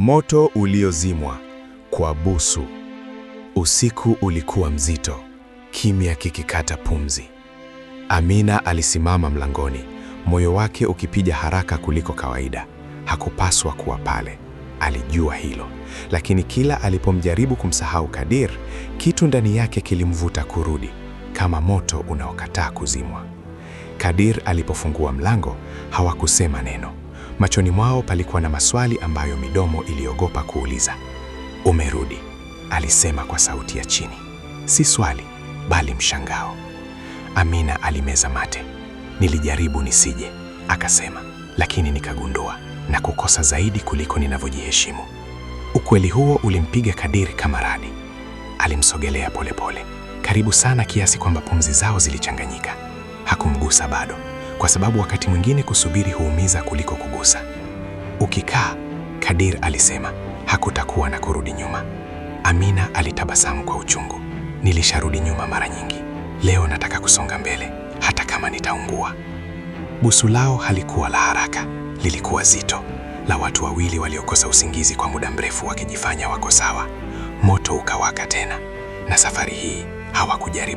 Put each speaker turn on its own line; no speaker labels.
Moto uliozimwa kwa busu. Usiku ulikuwa mzito, kimya kikikata pumzi. Amina alisimama mlangoni, moyo wake ukipiga haraka kuliko kawaida. Hakupaswa kuwa pale, alijua hilo, lakini kila alipomjaribu kumsahau Kadir, kitu ndani yake kilimvuta kurudi, kama moto unaokataa kuzimwa. Kadir alipofungua mlango, hawakusema neno. Machoni mwao palikuwa na maswali ambayo midomo iliogopa kuuliza. Umerudi, alisema kwa sauti ya chini, si swali bali mshangao. Amina alimeza mate. Nilijaribu nisije, akasema, lakini nikagundua na kukosa zaidi kuliko ninavyojiheshimu. Ukweli huo ulimpiga Kadiri kama radi. Alimsogelea polepole, karibu sana kiasi kwamba pumzi zao zilichanganyika. Hakumgusa bado kwa sababu wakati mwingine kusubiri huumiza kuliko kugusa. Ukikaa, Kadir alisema, hakutakuwa na kurudi nyuma. Amina alitabasamu kwa uchungu. Nilisharudi nyuma mara nyingi. Leo nataka kusonga mbele hata kama nitaungua. Busu lao halikuwa la haraka, lilikuwa zito, la watu wawili waliokosa usingizi kwa muda mrefu wakijifanya wako sawa. Moto ukawaka tena, na safari hii hawakujaribu